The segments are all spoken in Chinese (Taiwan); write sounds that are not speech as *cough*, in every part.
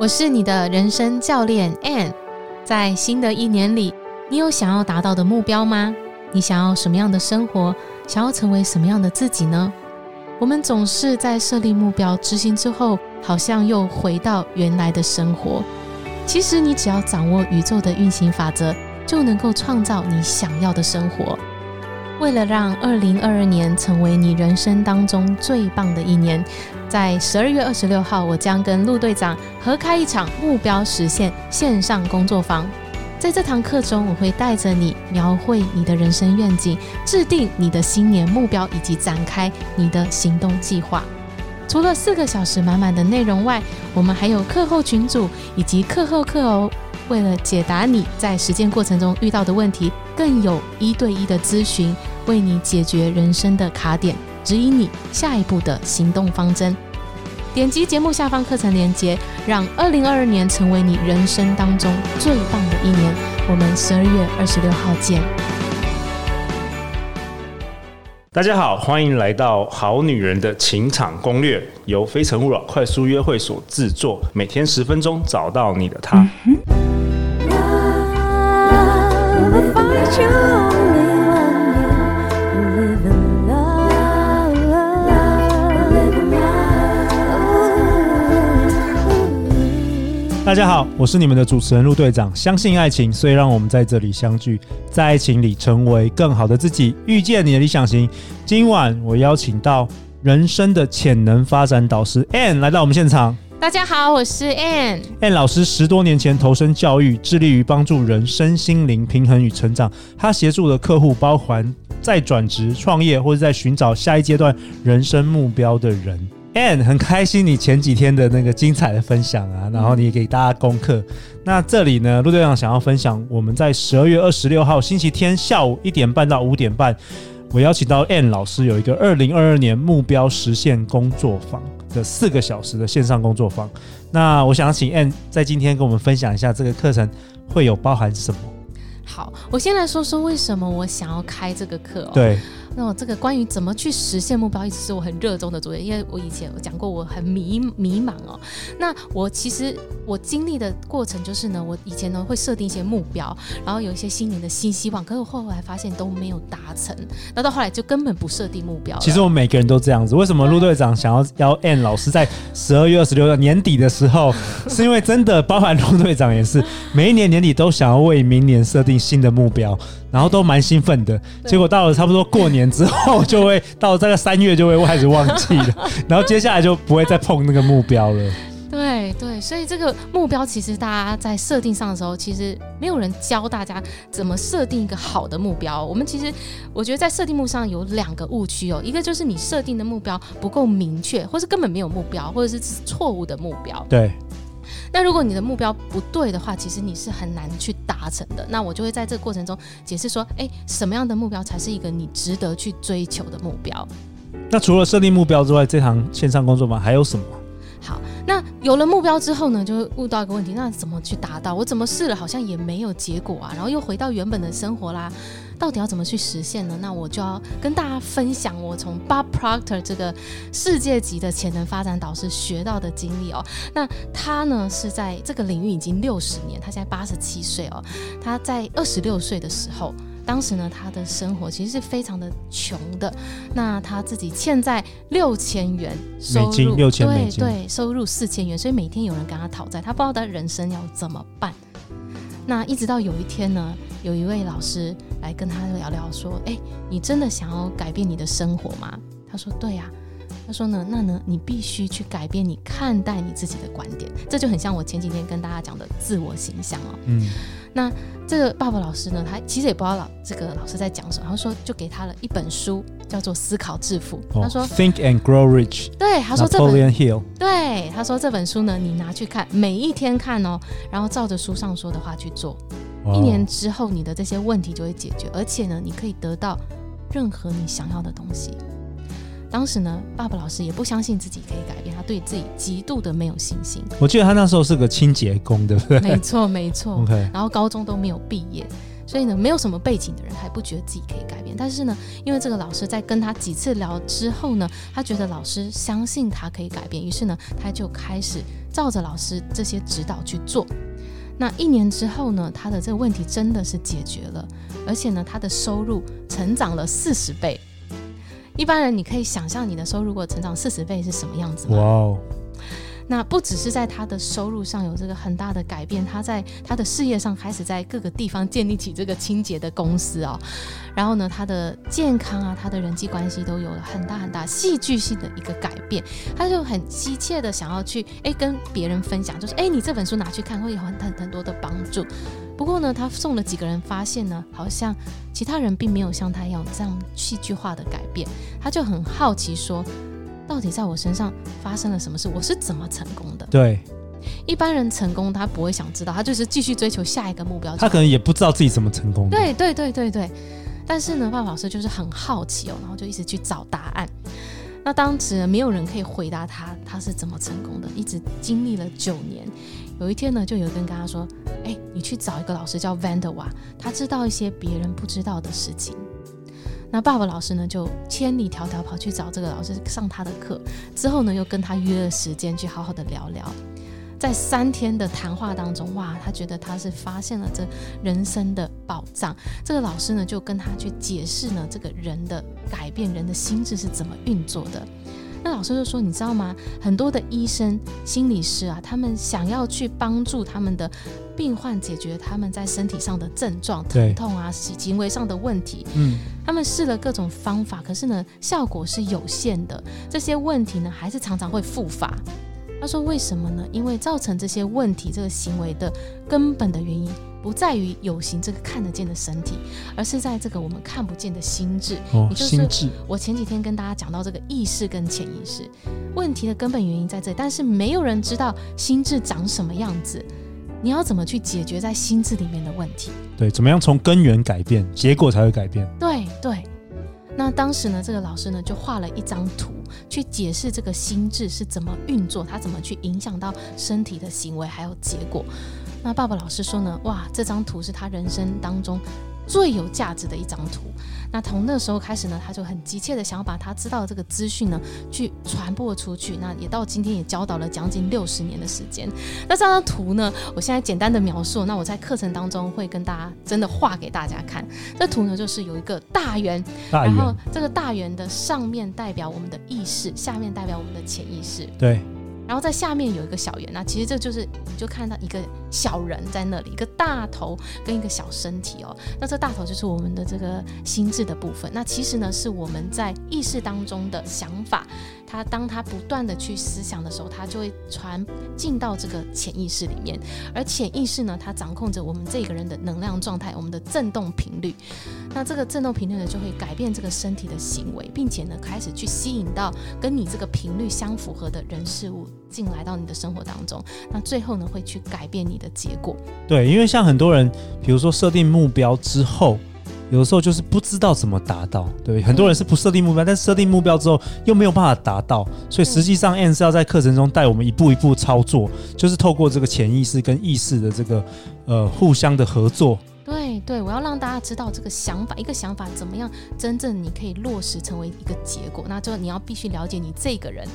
我是你的人生教練 Ann，在新的一年裡，你有想要達到的目標嗎？你想要什麼樣的生活？想要成為什麼樣的自己呢？我們總是在設立目標、執行之後，好像又回到原來的生活。其實，你只要掌握宇宙的運行法則，就能夠創造你想要的生活。為了讓二零二二年成為你人生當中最棒的一年，在十二月二十六號，我將跟陸隊長合開一場目標實現線上工作坊。在這堂課中，我會帶着你描繪你的人生願景，制定你的新年目標，以及展開你的行動計劃。除了四個小時滿滿的內容外，我們還有課後群組以及課後課哦。為了解答你在實踐過程中遇到的問題，更有一對一的諮詢，為你解決人生的卡點，指引你下一步的行動方針。點擊節目下方課程鏈接，讓二零二二年成為你人生當中最棒的一年。我們十二月二十六號見。大家好，歡迎來到《好女人的情場攻略》，由由非誠勿擾快速約會所制作，每天十分鐘，找到你的他。嗯嗯大家好，我是你們的主持人陸隊長。相信愛情，所以讓我們在這裡相聚，在愛情裡成為更好的自己，遇見你的理想型。今晚我邀請到人生的潛能發展導師 Ann 來到我們現場。大家好，我是 Ann。Ann 老師十多年前投身教育，致力於幫助人身心靈平衡與成長。他協助的客戶包括在轉職、創業或者在尋找下一階段人生目標的人。很開心你前幾天的那個精彩的分享啊，然後你也給大家功課。嗯。那這裡呢，陸隊長想要分享，我們在十二月二十六號星期天下午一點半到五點半，我邀請到 Ann 老師有一個二零二二年目標實現工作坊的四個小時的線上工作坊。那我想請 Ann 在今天跟我們分享一下這個課程會有包含什麼？好，我先來說說為什麼我想要開這個課哦。對。那麼，這個關於怎麼去實現目標，一直是我很熱衷的作業。因為我以前講過，我很迷迷茫哦。那我其實我經歷的過程就是呢，我以前呢會設定一些目標，然後有一些新年的新希望，可是我後來發現都沒有達成。那到後來就根本不設定目標。其實我們每個人都這樣子。為什麼陸隊長想要邀 Ann 老師在十二月二十六年底的時候， *laughs* 是因為真的，包含陸隊長也是，每一年年底都想要為明年設定新的目標。然後都蠻興奮的，對結果到了差不多過年之後，就會 *laughs* 到這個三月就會開始忘記了， *laughs* 然後接下來就不會再碰那個目標了。對對，所以這個目標其實大家在設定上的時候，其實沒有人教大家怎麼設定一個好的目標。我們其實我覺得在設定目上有兩個誤區哦，一個就是你設定的目標不夠明確，或是根本沒有目標，或者是，是錯誤的目標。對。那如果你的目標不對的話，其實你是很難去達成的。那我就會在這個過程中解釋說，誒、欸，什麼樣的目標才是一個你值得去追求的目標？那除了設立目標之外，這行線上工作坊，還有什麼？好，那有了目標之後呢，就會遇到一個問題：那怎麼去達到？我怎麼試了，好像也沒有結果啊，然後又回到原本的生活啦。到底要怎麼去實現呢？那我就要跟大家分享我從 Bob Proctor 這個世界級的潛能發展導師學到的經歷哦。那他呢，是在這個領域已經六十年，他現在八十七歲哦。他在二十六歲的時候，當時呢他的生活其實是非常的窮的。那他自己欠債六千元收入，美金，對對，對，收入四千元，所以每天有人跟他討債，他不知道他人生要怎麼辦。那一直到有一天呢，有一位老師。來跟他聊聊，說，哎，你真的想要改變你的生活嗎？他說，對呀、啊。他說呢，那呢，你必須去改變你看待你自己的觀點，這就很像我前幾天跟大家講的自我形象哦。嗯。那這個爸爸老師呢，他其實也不知道老這個老師在講什麼，他說就給他了一本書，叫做《思考致富》。Oh, 他說，Think and Grow Rich。對，他說這本。Napoleon Hill. 對，他說這本書呢，你拿去看，每一天看哦，然後照着書上說的話去做。一年之後，你的這些問題就會解決，而且呢，你可以得到任何你想要的東西。當時呢，Bob 老師也不相信自己可以改變，他對自己極度的沒有信心。我記得他那時候是個清潔工，對不對？沒錯，沒錯。Okay 然後高中都沒有畢業，所以呢，沒有什麼背景的人還不覺得自己可以改變。但是呢，因為這個老師在跟他幾次聊之後呢，他覺得老師相信他可以改變，於是呢，他就開始照着老師這些指導去做。那一年之後呢，他的這個問題真的是解決了，而且呢，他的收入成長了四十倍。一般人你可以想象你的收入如果成長四十倍是什麼樣子嗎？Wow. 那不只是在他的收入上有這個很大的改變，他在他的事業上開始在各個地方建立起這個清潔的公司哦，然後呢，他的健康啊，他的人際關係都有了很大很大戲劇性的一個改變，他就很急切的想要去哎跟別人分享，就是哎你這本書拿去看會有很很多的幫助，不過呢，他送了幾個人，發現呢，好像其他人並沒有像他一樣這樣戲劇化的改變，他就很好奇說，到底在我身上發生了什麼事？我是怎麼成功的？對，一般人成功，他不會想知道，他就是繼續追求下一個目標。他可能也不知道自己怎麼成功的。對對對對對。但是呢，范老師就是很好奇哦，然後就一直去找答案。那當時沒有人可以回答他，他是怎麼成功的？一直經歷了九年，有一天呢，就有人跟他說：“哎、欸，你去找一個老師叫 Van der Wa，他知道一些別人不知道的事情。”那爸爸老師呢，就千里迢迢跑去找這個老師上他的課，之後呢，又跟他約了時間去好好的聊聊。在三天的談話當中，哇，他覺得他是發現了這人生的寶藏。這個老師呢，就跟他去解釋呢，這個人的改變，人的心智是怎麼運作的。那老師就說：“你知道嗎？很多的醫生、心理師啊，他們想要去幫助他們的病患解決他們在身體上的症狀、對疼痛啊，行為上的問題。嗯，他們試了各種方法，可是呢，效果是有限的。這些問題呢，還是常常會復發。他說：為什麼呢？因為造成這些問題這個行為的根本的原因。”不在於有形這個看得見的身體，而是在這個我們看不見的心智。也、哦、心智、就是我前幾天跟大家講到這個意識跟潛意識問題的根本原因在這。但是沒有人知道心智長什麼樣子。你要怎麼去解決在心智裡面的問題？對，怎麼樣從根源改變，結果才會改變。對對。那當時呢，這個老師呢就畫了一張圖，去解釋這個心智是怎麼運作，它怎麼去影響到身體的行為還有結果。那爸爸老師說呢，哇，這張圖是他人生當中最有價值的一張圖。那從那時候開始呢，他就很急切的想要把他知道的這個資訊呢，去傳播出去。那也到今天也教導了將近六十年的時間。那這張圖呢，我現在簡單的描述。那我在課程當中會跟大家真的畫給大家看。這圖呢，就是有一個大圓，大圓，然後這個大圓的上面代表我們的意識，下面代表我們的潛意識。對。然後在下面有一個小圓，那其實這就是你就看到一個小人在那裡，一個大頭跟一個小身體哦。那這大頭就是我們的這個心智的部分。那其實呢是我們在意識當中的想法，它當它不斷的去思想的時候，它就會傳進到這個潛意識裡面。而潛意識呢，它掌控着我們這個人的能量狀態，我們的振動頻率。那這個振動頻率呢，就會改變這個身體的行為，並且呢開始去吸引到跟你這個頻率相符合的人事物。進來到你的生活當中，那最後呢會去改變你的結果。對，因為像很多人，比如說設定目標之後，有的時候就是不知道怎麼達到。對，很多人是不設定目標，嗯、但設定目標之後又沒有辦法達到。所以實際上，Ann 是要在課程中帶我們一步一步操作，嗯、就是透過這個潛意識跟意識的這個呃互相的合作。對對，我要讓大家知道這個想法，一個想法怎麼樣真正你可以落實成為一個結果。那就你要必須了解你這個人。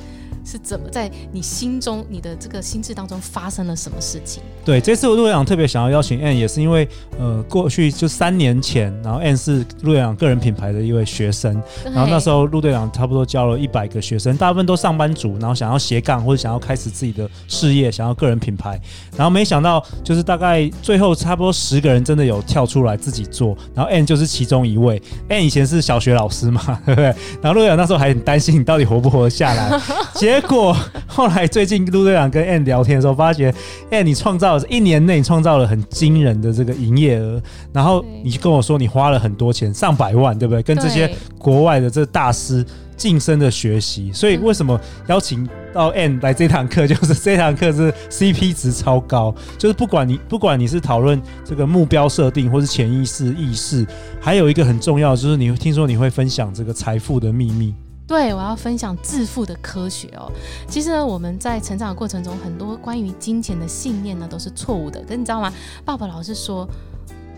是怎麼在你心中、你的這個心智當中發生了什麼事情？對，這次我陸隊長特別想要邀請 Anne 也是因為，呃，過去就三年前，然後 Anne 是陸隊長個人品牌的一位學生，對然後那時候陸隊長差不多教了一百個學生，大部分都上班族，然後想要斜槓或者想要開始自己的事業，嗯、想要個人品牌，然後沒想到就是大概最後差不多十個人真的有跳出來自己做，然後 Anne 就是其中一位。 *laughs* Anne 以前是小學老師嘛，對不對？然後陸隊長那時候還很擔心你到底活不活下來，其實 *laughs* *laughs* 結果後來最近陸隊長跟 Ann 聊天的時候，發覺 Ann 你創造了一年內創造了很驚人的這個營業額，然後你就跟我說你花了很多錢，上百萬，對不對？跟這些國外的這大師晉升的學習，所以為什麼邀請到 Ann 來這堂課，就是這堂課是 CP 值超高，就是不管你不管你是討論這個目標設定，或是潛意識意識，還有一個很重要，就是你聽說你會分享這個財富的秘密。對，我要分享致富的科學哦。其實呢，我們在成長的過程中，很多關於金錢的信念呢，都是錯誤的。可你知道嗎？爸爸老是說，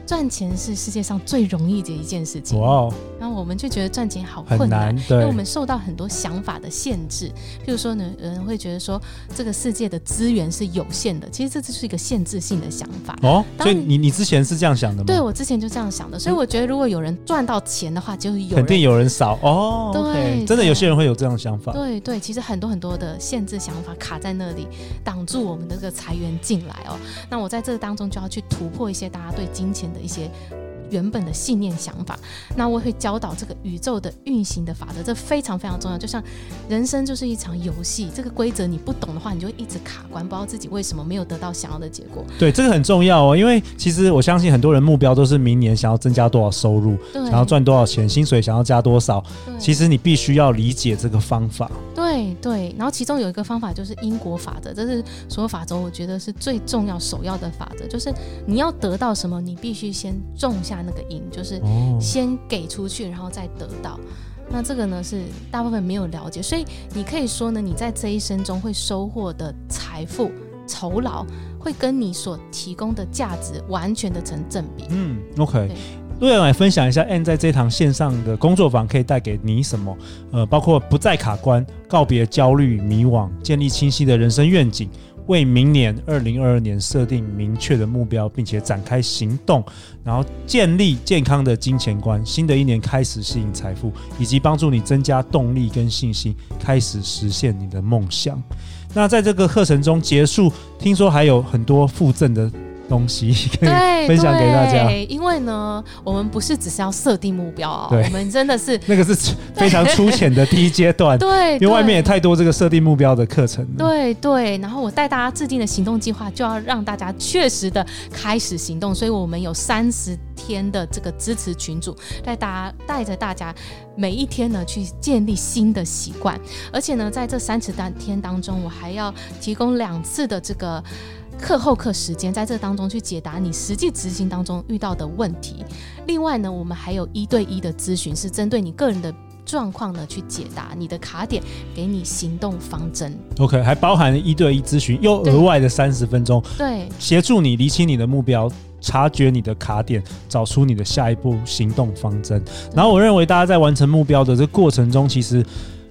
賺錢是世界上最容易的一件事情。哇！那我們就覺得賺錢好困難，很難，對。因為我們受到很多想法的限制。譬如說，有人會覺得說，這個世界的資源是有限的。其實這就是一個限制性的想法。哦，當所以你你之前是這樣想的嗎？對，我之前就這樣想的。所以我覺得，如果有人賺到錢的話，就有肯定有人少哦。Oh, 對，okay, 真的有些人會有這樣想法。對對，其實很多很多的限制想法卡在那裡，擋住我們這個財源進來哦、喔。那我在這個當中就要去突破一些大家對金錢。的一些原本的信念想法，那我會教導這個宇宙的運行的法則，這非常非常重要。就像人生就是一場遊戲，這個規則你不懂的話，你就一直卡關，不知道自己為什麼沒有得到想要的結果。對，這個很重要哦，因為其實我相信很多人目標都是明年想要增加多少收入，對想要賺多少錢，薪水想要加多少。對其實你必須要理解這個方法。對對，然後其中有一個方法就是因果法則，這是所有法則我覺得是最重要、首要的法則，就是你要得到什麼，你必須先種下那個因，就是先給出去，然後再得到。哦、那這個呢是大部分沒有了解，所以你可以說呢，你在這一生中會收穫的財富、酬勞，會跟你所提供的價值完全的成正比。嗯，OK。陸陽來分享一下，Ann 在這一堂線上的工作坊可以帶給你什麼？呃，包括不再卡關，告別焦慮迷惘，建立清晰的人生願景，為明年二零二二年設定明確的目標，並且展開行動，然後建立健康的金錢觀。新的一年開始吸引財富，以及幫助你增加動力跟信心，開始實現你的夢想。那在這個課程中結束，聽說還有很多附贈的。東西可以分享給大家，因為呢，我們不是只是要設定目標，哦。對我們真的是 *laughs* 那個是非常粗淺的第一階段，對，因為外面也太多這個設定目標的課程，對，對對。然後我帶大家制定的行動計劃，就要讓大家確實的開始行動。所以我們有三十天的這個支持群組，帶大家帶着大家每一天呢去建立新的習慣，而且呢，在這三十天當中，我還要提供兩次的這個。課後課時間，在這當中去解答你實際執行當中遇到的問題。另外呢，我們還有一對一的諮詢，是針對你個人的狀況呢，去解答你的卡點，給你行動方針。OK，還包含一對一諮詢，又額外的三十分鐘，對，協助你理清你的目標，察覺你的卡點，找出你的下一步行動方針。然後，我認為大家在完成目標的這過程中，其實。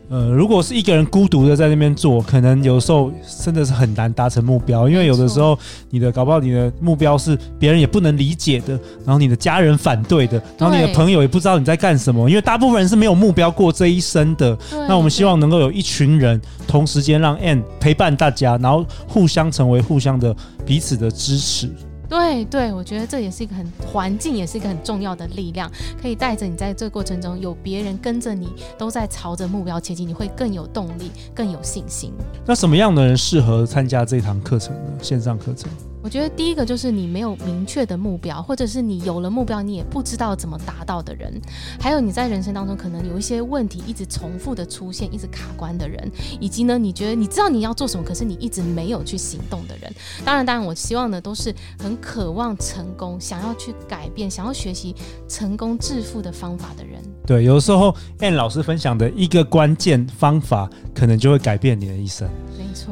呃，如果是一個人孤獨的在那邊做，可能有時候真的是很難達成目標，因為有的時候你的搞不好你的目標是別人也不能理解的，然後你的家人反對的，然後你的朋友也不知道你在幹什麼，對因為大部分人是沒有目標過這一生的。對那我們希望能夠有一群人同時間讓 Ann 陪伴大家，然後互相成為互相的彼此的支持。對對，我覺得這也是一個很環境，也是一個很重要的力量，可以帶着你在這個過程中有別人跟着你，都在朝着目標前進，你會更有動力，更有信心。那什麼樣的人適合參加這堂課程呢？線上課程？我覺得第一個就是你沒有明確的目標，或者是你有了目標，你也不知道怎麼達到的人，還有你在人生當中可能有一些問題一直重複的出現，一直卡關的人，以及呢，你覺得你知道你要做什麼，可是你一直沒有去行動的人。當然，當然，我希望的都是很渴望成功，想要去改變，想要學習成功致富的方法的人。對，有時候 Ann 老師分享的一個關鍵方法，可能就會改變你的一生。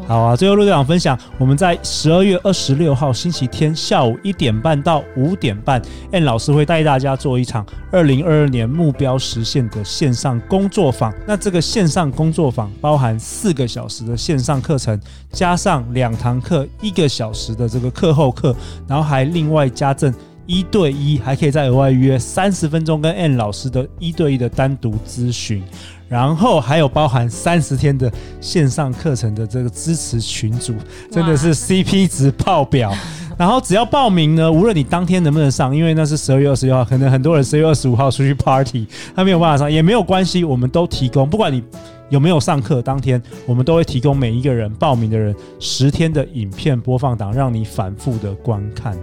好啊，最後陸隊長分享，我們在十二月二十六號星期天下午一點半到五點半，Ann 老師會帶大家做一場二零二二年目標實現的線上工作坊。那這個線上工作坊包含四個小時的線上課程，加上兩堂課一個小時的這個課後課，然後還另外加贈。一對一還可以再額外約三十分鐘跟 Ann 老師的一對一的單獨諮詢，然後還有包含三十天的線上課程的這個支持群組，真的是 CP 值爆表。然後只要報名呢，無論你當天能不能上，因為那是十二月二十六號，可能很多人十二月二十五號出去 party，他沒有辦法上也沒有關係，我們都提供，不管你有沒有上課當天，我們都會提供每一個人報名的人十天的影片播放檔，讓你反復的觀看。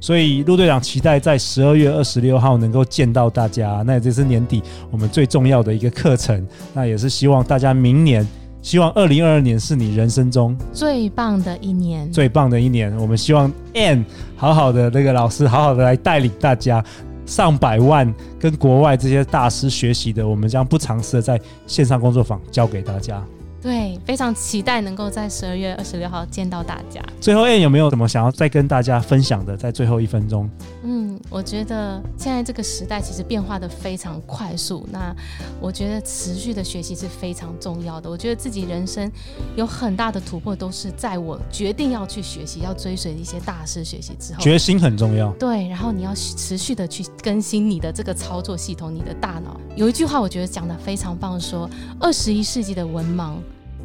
所以陸隊長期待在十二月二十六號能夠見到大家啊，那也是年底我們最重要的一個課程。那也是希望大家明年，希望二零二二年是你人生中最棒的一年，最棒的一年。我們希望 Ann 好好的那個老師好好的來帶領大家，上百萬跟國外這些大師學習的，我們將不嘗試的在線上工作坊教給大家。對，非常期待能夠在十二月二十六號見到大家。最後，哎、欸，有沒有什麼想要再跟大家分享的？在最後一分鐘，嗯，我覺得現在這個時代其實變化得非常快速。那我覺得持續的學習是非常重要的。我覺得自己人生有很大的突破，都是在我決定要去學習、要追隨一些大師學習之後。決心很重要，對。然後你要持續的去更新你的這個操作系統，你的大腦。有一句話我覺得講得非常棒，說二十一世紀的文盲。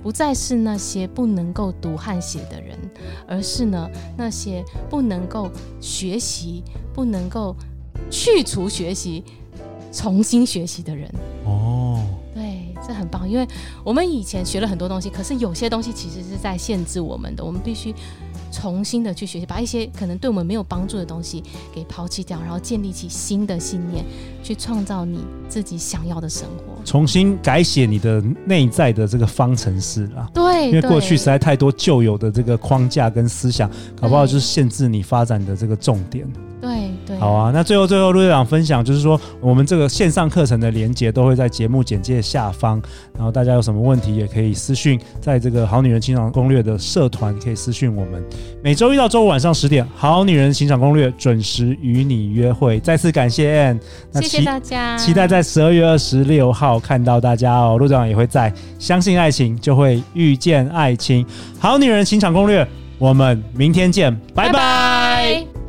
不再是那些不能夠讀和寫的人，而是呢那些不能夠學習、不能夠去除學習、重新學習的人。哦，oh. 對，這很棒，因為我們以前學了很多東西，可是有些東西其實是在限制我們的，我們必須。重新的去學習，把一些可能對我們沒有幫助的東西給拋棄掉，然後建立起新的信念，去創造你自己想要的生活。重新改寫你的內在的這個方程式啦。對。因為過去實在太多舊有的這個框架跟思想，搞對不好就是限制你發展的這個重點。對。好啊，那最後最後，陸隊長分享就是說，我們這個線上課程的連結都會在節目簡介下方，然後大家有什麼問題也可以私訊，在這個好女人情場攻略的社團可以私訊我們。每週一到週五晚上十點，好女人情場攻略準時與你約會。再次感謝 Anne，那，謝謝大家，期待在十二月二十六號看到大家哦。陸隊長也會在，相信愛情就會遇見愛情。好女人情場攻略，我們明天見，拜拜。拜拜。